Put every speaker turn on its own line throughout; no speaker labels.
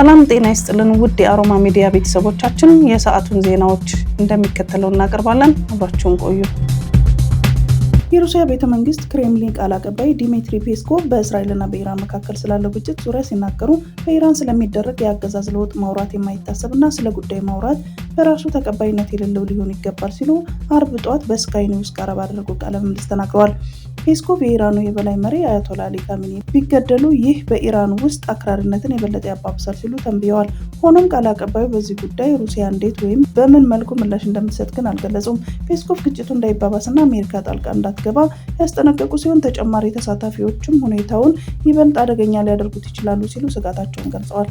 ሰላም ጤና ይስጥልን ውድ የአሮማ ሚዲያ ቤተሰቦቻችን፣ የሰዓቱን ዜናዎች እንደሚከተለው እናቀርባለን። አብራችሁን ቆዩ። የሩሲያ ቤተ መንግስት ክሬምሊን ቃል አቀባይ ዲሚትሪ ፔስኮቭ በእስራኤልና በኢራን መካከል ስላለው ግጭት ዙሪያ ሲናገሩ በኢራን ስለሚደረግ የአገዛዝ ለውጥ ማውራት የማይታሰብና ስለ ጉዳይ ማውራት በራሱ ተቀባይነት የሌለው ሊሆን ይገባል ሲሉ አርብ ጠዋት በስካይ ኒውስ ጋር ባደረጉ ቃለ ምልልስ ተናግረዋል። ፔስኮቭ የኢራኑ የበላይ መሪ አያቶላ አሊ ካሚኒ ቢገደሉ ይህ በኢራን ውስጥ አክራሪነትን የበለጠ ያባብሳል ሲሉ ተንብየዋል። ሆኖም ቃል አቀባዩ በዚህ ጉዳይ ሩሲያ እንዴት ወይም በምን መልኩ ምላሽ እንደምትሰጥ ግን አልገለጹም። ፔስኮቭ ግጭቱ እንዳይባባስና አሜሪካ ጣልቃ እንዳትገባ ያስጠነቀቁ ሲሆን ተጨማሪ ተሳታፊዎችም ሁኔታውን ይበልጥ አደገኛ ሊያደርጉት ይችላሉ ሲሉ ስጋታቸውን ገልጸዋል።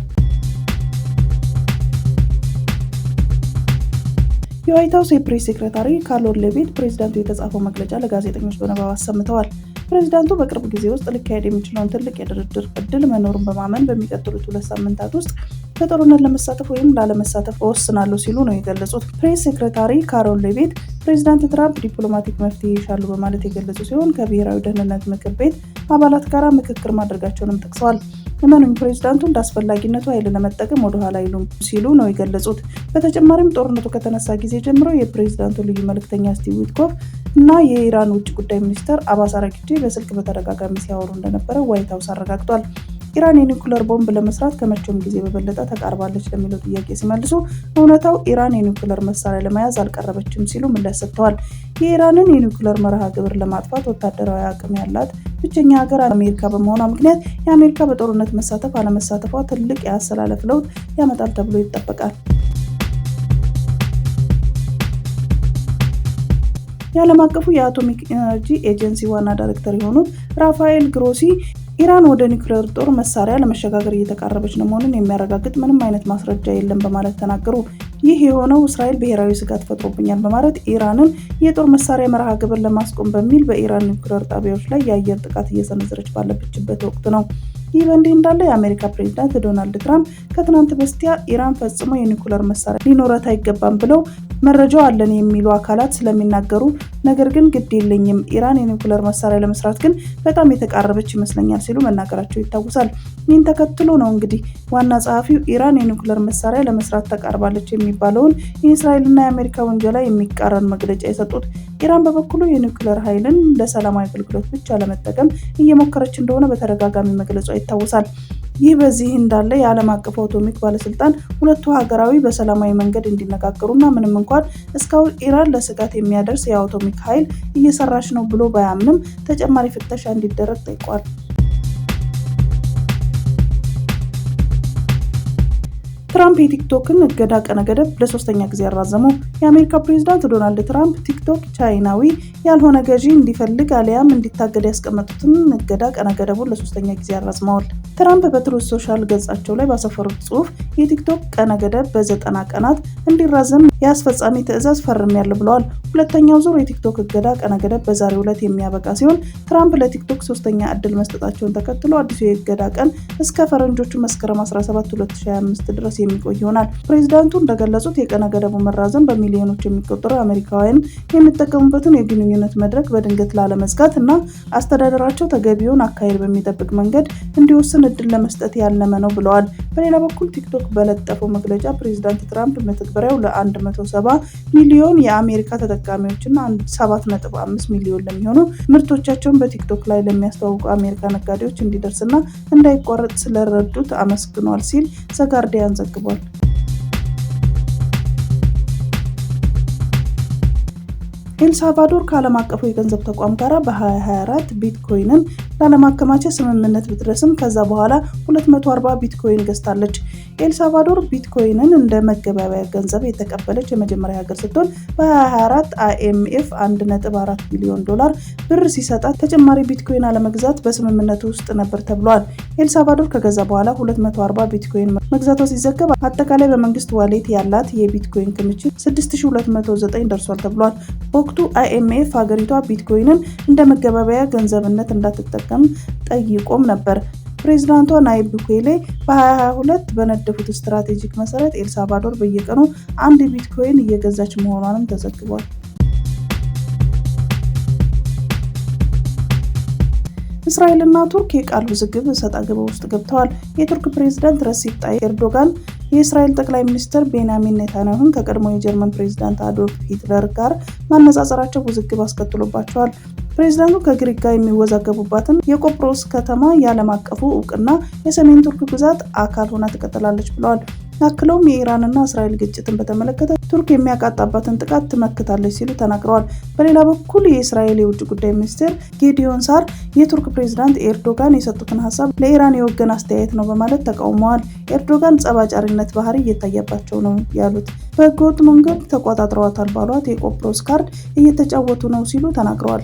የዋይት ሀውስ የፕሬስ ሴክሬታሪ ካሎን ሌቪት ፕሬዚዳንቱ የተጻፈው መግለጫ ለጋዜጠኞች በንባብ አሰምተዋል። ፕሬዚዳንቱ በቅርብ ጊዜ ውስጥ ሊካሄድ የሚችለውን ትልቅ የድርድር እድል መኖሩን በማመን በሚቀጥሉት ሁለት ሳምንታት ውስጥ በጦርነት ለመሳተፍ ወይም ላለመሳተፍ እወስናለሁ ሲሉ ነው የገለጹት። ፕሬስ ሴክሬታሪ ካሮል ሌቤት ፕሬዚዳንት ትራምፕ ዲፕሎማቲክ መፍትሄ ይሻሉ በማለት የገለጹ ሲሆን ከብሔራዊ ደህንነት ምክር ቤት አባላት ጋር ምክክር ማድረጋቸውንም ጠቅሰዋል። የመንም ፕሬዚዳንቱ እንደ አስፈላጊነቱ ኃይል ለመጠቀም ወደኋላ አይሉም ሲሉ ነው የገለጹት። በተጨማሪም ጦርነቱ ከተነሳ ጊዜ ጀምሮ የፕሬዚዳንቱ ልዩ መልክተኛ ስቲቭ ዊትኮፍ እና የኢራን ውጭ ጉዳይ ሚኒስተር አባስ አራግቺ በስልክ በተደጋጋሚ ሲያወሩ እንደነበረ ዋይት ሀውስ አረጋግጧል። ኢራን የኒውክለር ቦምብ ለመስራት ከመቼውም ጊዜ በበለጠ ተቃርባለች ለሚለው ጥያቄ ሲመልሱ እውነታው ኢራን የኒውክለር መሳሪያ ለመያዝ አልቀረበችም ሲሉ ምላሽ ሰጥተዋል። የኢራንን የኒውክለር መርሃ ግብር ለማጥፋት ወታደራዊ አቅም ያላት ብቸኛ ሀገር አሜሪካ በመሆኗ ምክንያት የአሜሪካ በጦርነት መሳተፍ አለመሳተፏ ትልቅ የአሰላለፍ ለውጥ ያመጣል ተብሎ ይጠበቃል። የዓለም አቀፉ የአቶሚክ ኤነርጂ ኤጀንሲ ዋና ዳይሬክተር የሆኑት ራፋኤል ግሮሲ ኢራን ወደ ኒውክሌር ጦር መሳሪያ ለመሸጋገር እየተቃረበች ነው መሆኑን የሚያረጋግጥ ምንም አይነት ማስረጃ የለም በማለት ተናገሩ። ይህ የሆነው እስራኤል ብሔራዊ ስጋት ፈጥሮብኛል በማለት ኢራንን የጦር መሳሪያ መርሃ ግብር ለማስቆም በሚል በኢራን ኒውክሌር ጣቢያዎች ላይ የአየር ጥቃት እየሰነዘረች ባለበችበት ወቅት ነው። ይህ በእንዲህ እንዳለ የአሜሪካ ፕሬዚዳንት ዶናልድ ትራምፕ ከትናንት በስቲያ ኢራን ፈጽሞ የኒኩለር መሳሪያ ሊኖረት አይገባም ብለው መረጃው አለን የሚሉ አካላት ስለሚናገሩ ነገር ግን ግድ የለኝም ኢራን የኒውክለር መሳሪያ ለመስራት ግን በጣም የተቃረበች ይመስለኛል ሲሉ መናገራቸው ይታወሳል። ይህን ተከትሎ ነው እንግዲህ ዋና ጸሐፊው ኢራን የኒውክለር መሳሪያ ለመስራት ተቃርባለች የሚባለውን የእስራኤልና የአሜሪካ ወንጀላ የሚቃረን መግለጫ የሰጡት። ኢራን በበኩሉ የኒውክለር ኃይልን ለሰላማዊ አገልግሎት ብቻ ለመጠቀም እየሞከረች እንደሆነ በተደጋጋሚ መግለጿ ይታወሳል። ይህ በዚህ እንዳለ የዓለም አቀፍ አቶሚክ ባለስልጣን ሁለቱ ሀገራዊ በሰላማዊ መንገድ እንዲነጋገሩና ምንም እንኳን እስካሁን ኢራን ለስጋት የሚያደርስ የአቶሚክ ኃይል እየሰራች ነው ብሎ ባያምንም ተጨማሪ ፍተሻ እንዲደረግ ጠይቋል። ትራምፕ የቲክቶክን እገዳ ቀነ ገደብ ለሶስተኛ ጊዜ ያራዘመው የአሜሪካ ፕሬዚዳንት ዶናልድ ትራምፕ ቲክቶክ ቻይናዊ ያልሆነ ገዢ እንዲፈልግ አሊያም እንዲታገድ ያስቀመጡትን እገዳ ቀነ ገደቡን ለሶስተኛ ጊዜ ያራዝመዋል። ትራምፕ በትሩዝ ሶሻል ገጻቸው ላይ ባሰፈሩት ጽሑፍ የቲክቶክ ቀነ ገደብ በዘጠና ቀናት እንዲራዘም የአስፈጻሚ ትዕዛዝ ፈርሜያለሁ ብለዋል። ሁለተኛው ዙር የቲክቶክ እገዳ ቀነ ገደብ በዛሬው ዕለት የሚያበቃ ሲሆን ትራምፕ ለቲክቶክ ሶስተኛ እድል መስጠታቸውን ተከትሎ አዲሱ የእገዳ ቀን እስከ ፈረንጆቹ መስከረም 17 2025 ድረስ የሚቆይ ይሆናል። ፕሬዚዳንቱ እንደገለጹት የቀነ ገደቡ መራዘም በሚሊዮኖች የሚቆጠሩ አሜሪካውያን የሚጠቀሙበትን የግንኙነት መድረክ በድንገት ላለመዝጋት እና አስተዳደራቸው ተገቢውን አካሄድ በሚጠብቅ መንገድ እንዲወስን እድል ለመስጠት ያለመ ነው ብለዋል። በሌላ በኩል ቲክቶክ በለጠፈው መግለጫ ፕሬዚዳንት ትራምፕ መተግበሪያው ለአንድ 170 ሚሊዮን የአሜሪካ ተጠቃሚዎችና 7.5 ሚሊዮን ለሚሆኑ ምርቶቻቸውን በቲክቶክ ላይ ለሚያስተዋውቁ አሜሪካ ነጋዴዎች እንዲደርስና እንዳይቋረጥ ስለረዱት አመስግኗል ሲል ዘጋርዲያን ዘግቧል። ኤልሳልቫዶር ከዓለም አቀፉ የገንዘብ ተቋም ጋር በ2024 ቢትኮይንን ላለማከማቸት ስምምነት ብትደርስም ከዛ በኋላ 240 ቢትኮይን ገዝታለች። ኤልሳልቫዶር ቢትኮይንን እንደ መገበያያ ገንዘብ የተቀበለች የመጀመሪያ ሀገር ስትሆን በ24 አይኤምኤፍ 1.4 ቢሊዮን ዶላር ብር ሲሰጣት ተጨማሪ ቢትኮይን አለመግዛት በስምምነቱ ውስጥ ነበር ተብሏል። ኤልሳልቫዶር ከገዛ በኋላ 240 ቢትኮይን መግዛቷ ሲዘገብ አጠቃላይ በመንግስት ዋሌት ያላት የቢትኮይን ክምችት 6209 ደርሷል ተብሏል። በወቅቱ አይኤምኤፍ ሀገሪቷ ቢትኮይንን እንደ መገበያያ ገንዘብነት እንዳትጠቀም ጠይቆም ነበር። ፕሬዚዳንቷ ናይብ ቡኬሌ በ2022 በነደፉት ስትራቴጂክ መሰረት ኤልሳልቫዶር በየቀኑ አንድ ቢትኮይን እየገዛች መሆኗንም ተዘግቧል። እስራኤልና ቱርክ የቃል ውዝግብ ሰጣ ውስጥ ገብተዋል። የቱርክ ፕሬዚዳንት ረሲፕ ጣይ ኤርዶጋን የእስራኤል ጠቅላይ ሚኒስትር ቤንያሚን ኔታንያሁን ከቀድሞ የጀርመን ፕሬዚዳንት አዶልፍ ሂትለር ጋር ማነጻጸራቸው ውዝግብ አስከትሎባቸዋል። ፕሬዚዳንቱ ከግሪክ ጋር የሚወዛገቡባትን የቆጵሮስ ከተማ የዓለም አቀፉ እውቅና የሰሜን ቱርክ ግዛት አካል ሆና ትቀጥላለች ብለዋል። አክለውም የኢራንና እስራኤል ግጭትን በተመለከተ ቱርክ የሚያቃጣባትን ጥቃት ትመክታለች ሲሉ ተናግረዋል። በሌላ በኩል የእስራኤል የውጭ ጉዳይ ሚኒስቴር ጌዲዮን ሳር የቱርክ ፕሬዚዳንት ኤርዶጋን የሰጡትን ሀሳብ ለኢራን የወገን አስተያየት ነው በማለት ተቃውመዋል። ኤርዶጋን ጸባጫሪነት ባህሪ እየታየባቸው ነው ያሉት በህገወጥ መንገድ ተቆጣጥረዋታል ባሏት የቆጵሮስ ካርድ እየተጫወቱ ነው ሲሉ ተናግረዋል።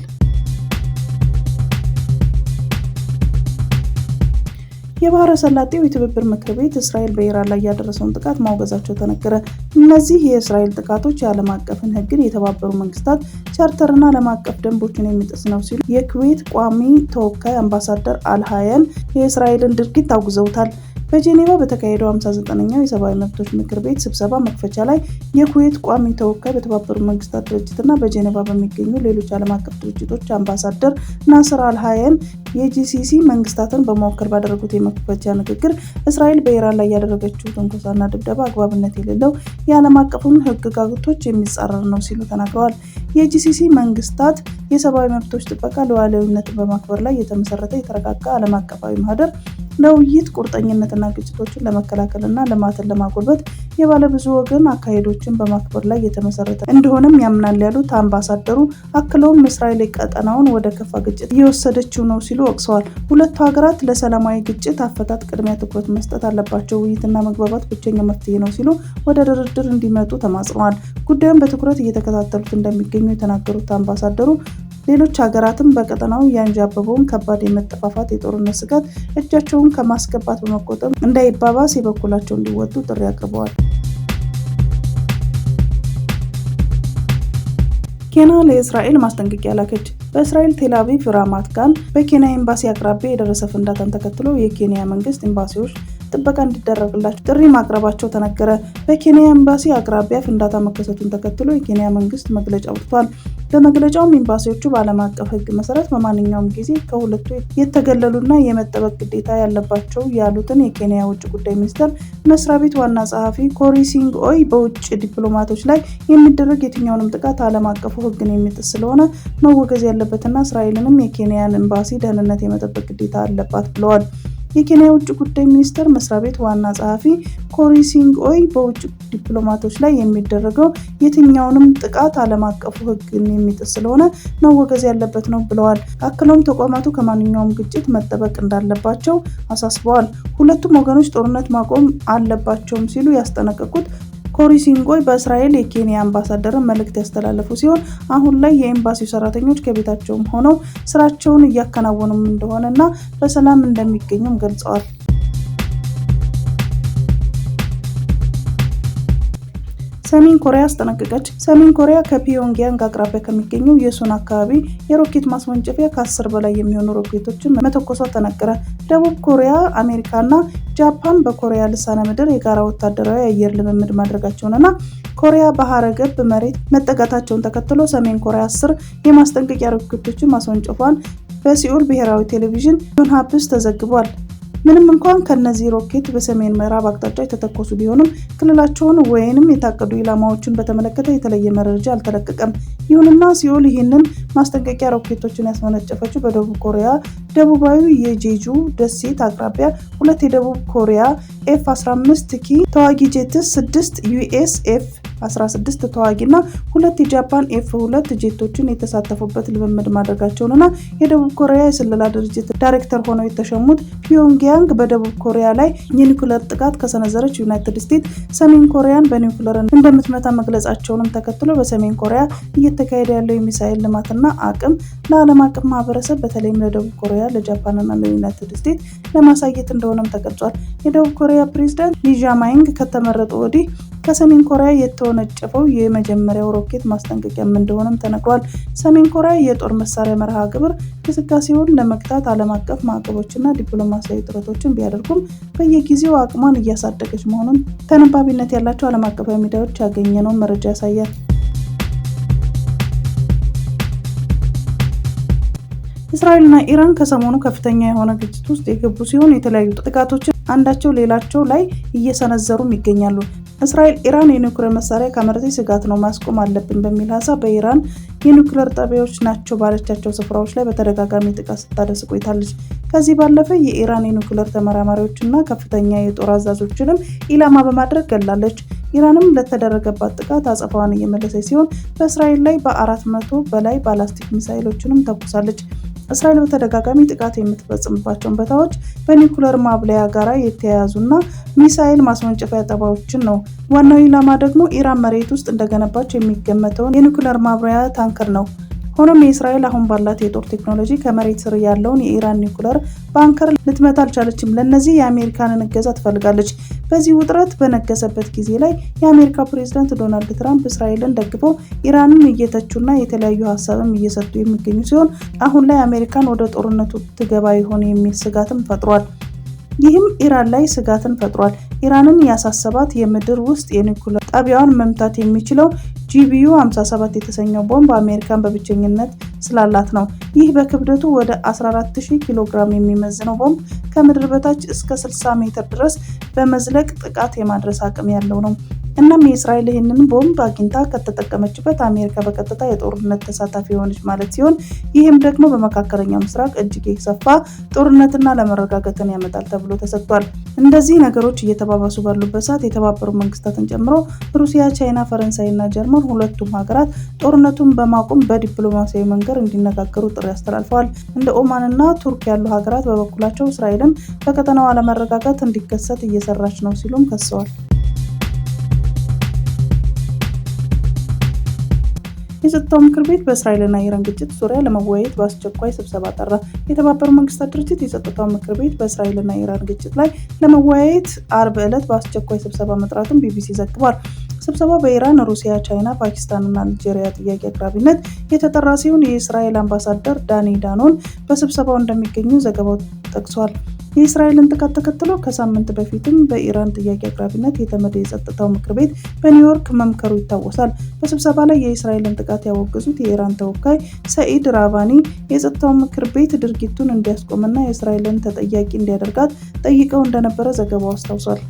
የባህረ ሰላጤው የትብብር ምክር ቤት እስራኤል በኢራን ላይ ያደረሰውን ጥቃት ማውገዛቸው ተነገረ። እነዚህ የእስራኤል ጥቃቶች የዓለም አቀፍን ህግን፣ የተባበሩ መንግስታት ቻርተርና ዓለም አቀፍ ደንቦችን የሚጥስ ነው ሲሉ የኩዌት ቋሚ ተወካይ አምባሳደር አልሃያን የእስራኤልን ድርጊት አውግዘውታል። በጄኔቫ በተካሄደው 59ኛው የሰብአዊ መብቶች ምክር ቤት ስብሰባ መክፈቻ ላይ የኩዌት ቋሚ ተወካይ በተባበሩት መንግስታት ድርጅትና በጄኔቫ በሚገኙ ሌሎች ዓለም አቀፍ ድርጅቶች አምባሳደር ናስር አልሃየን የጂሲሲ መንግስታትን በመወከል ባደረጉት የመክፈቻ ንግግር እስራኤል በኢራን ላይ ያደረገችው ትንኮሳና ድብደባ አግባብነት የሌለው የዓለም አቀፉን ህግጋቶች የሚጻረር ነው ሲሉ ተናግረዋል። የጂሲሲ መንግስታት የሰብአዊ መብቶች ጥበቃ ሉዓላዊነትን በማክበር ላይ የተመሰረተ የተረጋጋ ዓለም አቀፋዊ ማህደር ለውይይት ቁርጠኝነትና ግጭቶችን ለመከላከልና ልማትን ለማጎልበት የባለብዙ ወገን አካሄዶችን በማክበር ላይ የተመሰረተ እንደሆነም ያምናል ያሉት አምባሳደሩ አክለውም እስራኤል ቀጠናውን ወደ ከፋ ግጭት እየወሰደችው ነው ሲሉ ወቅሰዋል። ሁለቱ ሀገራት ለሰላማዊ ግጭት አፈታት ቅድሚያ ትኩረት መስጠት አለባቸው። ውይይትና መግባባት ብቸኛ መፍትሄ ነው ሲሉ ወደ ድርድር እንዲመጡ ተማጽነዋል። ጉዳዩን በትኩረት እየተከታተሉት እንደሚገኙ የተናገሩት አምባሳደሩ ሌሎች ሀገራትም በቀጠናው ያንዣበበውን ከባድ የመጠፋፋት የጦርነት ስጋት እጃቸውን ከማስገባት በመቆጠብ እንዳይባባስ የበኩላቸው እንዲወጡ ጥሪ አቅርበዋል። ኬንያ ለእስራኤል ማስጠንቀቂያ ላከች። በእስራኤል ቴልአቪቭ ራማት ጋን በኬንያ ኤምባሲ አቅራቢያ የደረሰ ፍንዳታን ተከትሎ የኬንያ መንግስት ኤምባሲዎች ጥበቃ እንዲደረግላቸው ጥሪ ማቅረባቸው ተነገረ። በኬንያ ኤምባሲ አቅራቢያ ፍንዳታ መከሰቱን ተከትሎ የኬንያ መንግስት መግለጫ አውጥቷል። በመግለጫውም ኤምባሲዎቹ በዓለም አቀፍ ሕግ መሰረት በማንኛውም ጊዜ ከሁለቱ የተገለሉና የመጠበቅ ግዴታ ያለባቸው ያሉትን የኬንያ ውጭ ጉዳይ ሚኒስቴር መስሪያ ቤት ዋና ጸሐፊ ኮሪ ኦይ በውጭ ዲፕሎማቶች ላይ የሚደረግ የትኛውንም ጥቃት ዓለም አቀፉ ሕግን የሚጥስ ስለሆነ መወገዝ ያለበትና እስራኤልንም የኬንያን ኤምባሲ ደህንነት የመጠበቅ ግዴታ አለባት ብለዋል። የኬንያ ውጭ ጉዳይ ሚኒስቴር መስሪያ ቤት ዋና ጸሐፊ ኮሪ ሲንግኦይ በውጭ ዲፕሎማቶች ላይ የሚደረገው የትኛውንም ጥቃት ዓለም አቀፉ ሕግን የሚጥስ ስለሆነ መወገዝ ያለበት ነው ብለዋል። አክለውም ተቋማቱ ከማንኛውም ግጭት መጠበቅ እንዳለባቸው አሳስበዋል። ሁለቱም ወገኖች ጦርነት ማቆም አለባቸውም ሲሉ ያስጠነቀቁት ኮሪሲንጎይ በእስራኤል የኬንያ አምባሳደርን መልእክት ያስተላለፉ ሲሆን አሁን ላይ የኤምባሲው ሰራተኞች ከቤታቸውም ሆነው ስራቸውን እያከናወኑም እንደሆነ እና በሰላም እንደሚገኙም ገልጸዋል። ሰሜን ኮሪያ አስጠነቀቀች። ሰሜን ኮሪያ ከፒዮንግያንግ አቅራቢያ ከሚገኘው የሱን አካባቢ የሮኬት ማስወንጨፊያ ከአስር በላይ የሚሆኑ ሮኬቶችን መተኮሷ ተነገረ። ደቡብ ኮሪያ፣ አሜሪካና ጃፓን በኮሪያ ልሳነ ምድር የጋራ ወታደራዊ የአየር ልምምድ ማድረጋቸውንና ኮሪያ ባህረ ገብ መሬት መጠጋታቸውን ተከትሎ ሰሜን ኮሪያ አስር የማስጠንቀቂያ ሮኬቶችን ማስወንጨፏን በሲኦል ብሔራዊ ቴሌቪዥን ዮንሃፕስ ተዘግቧል። ምንም እንኳን ከነዚህ ሮኬት በሰሜን ምዕራብ አቅጣጫ የተተኮሱ ቢሆንም ክልላቸውን ወይንም የታቀዱ ኢላማዎችን በተመለከተ የተለየ መረጃ አልተለቀቀም። ይሁንና ሲኦል ይህንን ማስጠንቀቂያ ሮኬቶችን ያስመነጨፈችው በደቡብ ኮሪያ ደቡባዊ የጄጁ ደሴት አቅራቢያ ሁለት የደቡብ ኮሪያ ኤፍ 15 ኪ ተዋጊ ጄትስ 6 ዩኤስኤፍ 16 ተዋጊና ሁለት የጃፓን ኤፍ ሁለት ጄቶችን የተሳተፉበት ልምምድ ማድረጋቸውንና የደቡብ ኮሪያ የስለላ ድርጅት ዳይሬክተር ሆነው የተሸሙት ፒዮንግያንግ በደቡብ ኮሪያ ላይ የኒውክለር ጥቃት ከሰነዘረች ዩናይትድ ስቴትስ ሰሜን ኮሪያን በኒኩለር እንደምትመታ መግለጻቸውንም ተከትሎ በሰሜን ኮሪያ እየተካሄደ ያለው የሚሳኤል ልማትና አቅም ለዓለም አቀፍ ማህበረሰብ በተለይም ለደቡብ ኮሪያ ለጃፓንና ለዩናይትድ ስቴትስ ለማሳየት እንደሆነም ተገልጿል። የደቡብ ኮሪያ ፕሬዚዳንት ሊጃማይንግ ከተመረጡ ወዲህ ከሰሜን ኮሪያ የተወነጨፈው የመጀመሪያው ሮኬት ማስጠንቀቂያም እንደሆነም ተነግሯል። ሰሜን ኮሪያ የጦር መሳሪያ መርሃ ግብር እንቅስቃሴውን ለመግታት ዓለም አቀፍ ማዕቀቦችና ዲፕሎማሲያዊ ጥረቶችን ቢያደርጉም በየጊዜው አቅሟን እያሳደገች መሆኑን ተነባቢነት ያላቸው ዓለም አቀፋዊ ሚዲያዎች ያገኘነውን መረጃ ያሳያል። እስራኤልና ኢራን ከሰሞኑ ከፍተኛ የሆነ ግጭት ውስጥ የገቡ ሲሆን የተለያዩ ጥቃቶችን አንዳቸው ሌላቸው ላይ እየሰነዘሩም ይገኛሉ። እስራኤል ኢራን የኒውክሌር መሳሪያ ከመሬት ስጋት ነው ማስቆም አለብን በሚል ሀሳብ በኢራን የኒውክሌር ጣቢያዎች ናቸው ባለቻቸው ስፍራዎች ላይ በተደጋጋሚ ጥቃት ስታደርስ ቆይታለች። ከዚህ ባለፈ የኢራን የኒውክሌር ተመራማሪዎችና ከፍተኛ የጦር አዛዦችንም ኢላማ በማድረግ ገላለች። ኢራንም ለተደረገባት ጥቃት አጸፋዋን እየመለሰች ሲሆን በእስራኤል ላይ በአራት መቶ በላይ ባላስቲክ ሚሳይሎችንም ተኩሳለች። እስራኤል በተደጋጋሚ ጥቃት የምትፈጽምባቸውን ቦታዎች በኒኩለር ማብለያ ጋር የተያያዙና ሚሳኤል ማስወንጨፊያ ጠባዎችን ነው። ዋናው ኢላማ ደግሞ ኢራን መሬት ውስጥ እንደገነባቸው የሚገመተውን የኒኩለር ማብለያ ታንከር ነው። ሆኖም የእስራኤል አሁን ባላት የጦር ቴክኖሎጂ ከመሬት ስር ያለውን የኢራን ኒውክለር ባንከር ልትመታ አልቻለችም። ለእነዚህ የአሜሪካንን እገዛ ትፈልጋለች። በዚህ ውጥረት በነገሰበት ጊዜ ላይ የአሜሪካ ፕሬዚዳንት ዶናልድ ትራምፕ እስራኤልን ደግፈው ኢራንን እየተቹና የተለያዩ ሀሳብም እየሰጡ የሚገኙ ሲሆን አሁን ላይ አሜሪካን ወደ ጦርነቱ ትገባ ይሆን የሚል ስጋትም ፈጥሯል። ይህም ኢራን ላይ ስጋትን ፈጥሯል። ኢራንን ያሳሰባት የምድር ውስጥ የኒውክለር ጣቢያዋን መምታት የሚችለው ጂቢዩ 57 የተሰኘው ቦምብ አሜሪካን በብቸኝነት ስላላት ነው። ይህ በክብደቱ ወደ 14000 ኪሎ ግራም የሚመዝነው ቦምብ ከምድር በታች እስከ 60 ሜትር ድረስ በመዝለቅ ጥቃት የማድረስ አቅም ያለው ነው። እናም የእስራኤል ይህንን ቦምብ አግኝታ ከተጠቀመችበት አሜሪካ በቀጥታ የጦርነት ተሳታፊ የሆነች ማለት ሲሆን ይህም ደግሞ በመካከለኛው ምስራቅ እጅግ የሰፋ ጦርነትና ለመረጋገትን ያመጣል ተብሎ ተሰጥቷል። እንደዚህ ነገሮች እየተባባሱ ባሉበት ሰዓት የተባበሩ መንግስታትን ጨምሮ ሩሲያ፣ ቻይና፣ ፈረንሳይና ጀርመን ሁለቱም ሀገራት ጦርነቱን በማቆም በዲፕሎማሲያዊ መንገድ እንዲነጋገሩ ጥሪ አስተላልፈዋል። እንደ ኦማንና ቱርክ ያሉ ሀገራት በበኩላቸው እስራኤልን በቀጠናው አለመረጋጋት እንዲከሰት እየሰራች ነው ሲሉም ከሰዋል። የጸጥታው ምክር ቤት በእስራኤልና ኢራን ግጭት ዙሪያ ለመወያየት በአስቸኳይ ስብሰባ ጠራ። የተባበሩት መንግስታት ድርጅት የጸጥታው ምክር ቤት በእስራኤልና ኢራን ግጭት ላይ ለመወያየት አርብ ዕለት በአስቸኳይ ስብሰባ መጥራቱን ቢቢሲ ዘግቧል። ስብሰባው በኢራን፣ ሩሲያ፣ ቻይና፣ ፓኪስታን እና አልጄሪያ ጥያቄ አቅራቢነት የተጠራ ሲሆን የእስራኤል አምባሳደር ዳኒ ዳኖን በስብሰባው እንደሚገኙ ዘገባው ጠቅሷል። የእስራኤልን ጥቃት ተከትሎ ከሳምንት በፊትም በኢራን ጥያቄ አቅራቢነት የተመደ የጸጥታው ምክር ቤት በኒውዮርክ መምከሩ ይታወሳል። በስብሰባ ላይ የእስራኤልን ጥቃት ያወገዙት የኢራን ተወካይ ሰኢድ ራቫኒ የጸጥታው ምክር ቤት ድርጊቱን እንዲያስቆምና የእስራኤልን ተጠያቂ እንዲያደርጋት ጠይቀው እንደነበረ ዘገባው አስታውሷል።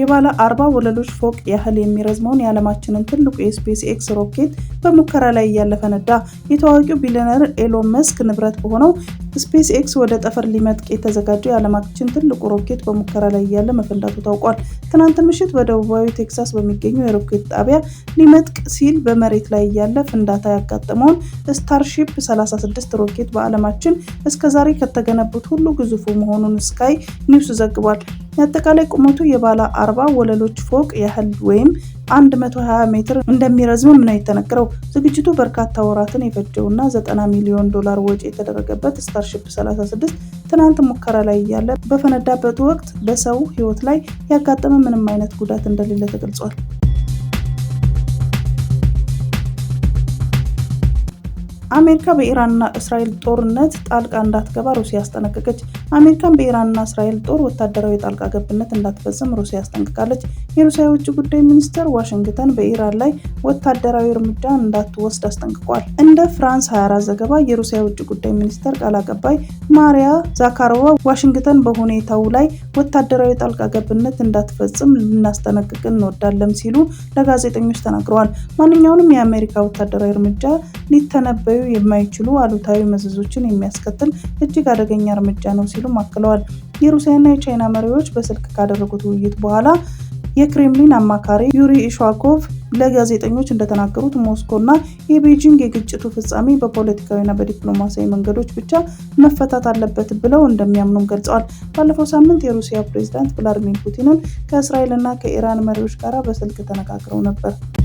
የባለ አርባ ወለሎች ፎቅ ያህል የሚረዝመውን የዓለማችንን ትልቁ የስፔስ ኤክስ ሮኬት በሙከራ ላይ እያለ ፈነዳ። የታዋቂው ቢሊዮነር ኤሎን መስክ ንብረት በሆነው ስፔስ ኤክስ ወደ ጠፈር ሊመጥቅ የተዘጋጀው የዓለማችን ትልቁ ሮኬት በሙከራ ላይ እያለ መፈንዳቱ ታውቋል። ትናንት ምሽት በደቡባዊ ቴክሳስ በሚገኘው የሮኬት ጣቢያ ሊመጥቅ ሲል በመሬት ላይ እያለ ፍንዳታ ያጋጠመውን ስታርሺፕ 36 ሮኬት በዓለማችን እስከዛሬ ከተገነቡት ሁሉ ግዙፉ መሆኑን ስካይ ኒውስ ዘግቧል። የአጠቃላይ ቁመቱ የባለ አርባ ወለሎች ፎቅ ያህል ወይም 120 ሜትር እንደሚረዝምም ነው የተነገረው። ዝግጅቱ በርካታ ወራትን የፈጀውና 90 ሚሊዮን ዶላር ወጪ የተደረገበት ስታርሺፕ 36 ትናንት ሙከራ ላይ እያለ በፈነዳበት ወቅት በሰው ሕይወት ላይ ያጋጠመ ምንም አይነት ጉዳት እንደሌለ ተገልጿል። አሜሪካ በኢራንና እስራኤል ጦርነት ጣልቃ እንዳትገባ ሩሲያ አስጠነቀቀች። አሜሪካን በኢራንና እስራኤል ጦር ወታደራዊ ጣልቃ ገብነት እንዳትፈጽም ሩሲያ አስጠንቅቃለች። የሩሲያ የውጭ ጉዳይ ሚኒስትር ዋሽንግተን በኢራን ላይ ወታደራዊ እርምጃ እንዳትወስድ አስጠንቅቋል። እንደ ፍራንስ 24 ዘገባ የሩሲያ የውጭ ጉዳይ ሚኒስትር ቃል አቀባይ ማሪያ ዛካሮቫ ዋሽንግተን በሁኔታው ላይ ወታደራዊ ጣልቃ ገብነት እንዳትፈጽም ልናስጠነቅቅ እንወዳለን ሲሉ ለጋዜጠኞች ተናግረዋል። ማንኛውንም የአሜሪካ ወታደራዊ እርምጃ ሊተነበዩ ሊታዩ የማይችሉ አሉታዊ መዘዞችን የሚያስከትል እጅግ አደገኛ እርምጃ ነው ሲሉም አክለዋል። የሩሲያና የቻይና መሪዎች በስልክ ካደረጉት ውይይት በኋላ የክሬምሊን አማካሪ ዩሪ ኢሽዋኮቭ ለጋዜጠኞች እንደተናገሩት ሞስኮ እና የቤጂንግ የግጭቱ ፍጻሜ በፖለቲካዊና በዲፕሎማሲያዊ መንገዶች ብቻ መፈታት አለበት ብለው እንደሚያምኑም ገልጸዋል። ባለፈው ሳምንት የሩሲያ ፕሬዚዳንት ቭላዲሚር ፑቲንን ከእስራኤል እና ከኢራን መሪዎች ጋር በስልክ ተነጋግረው ነበር።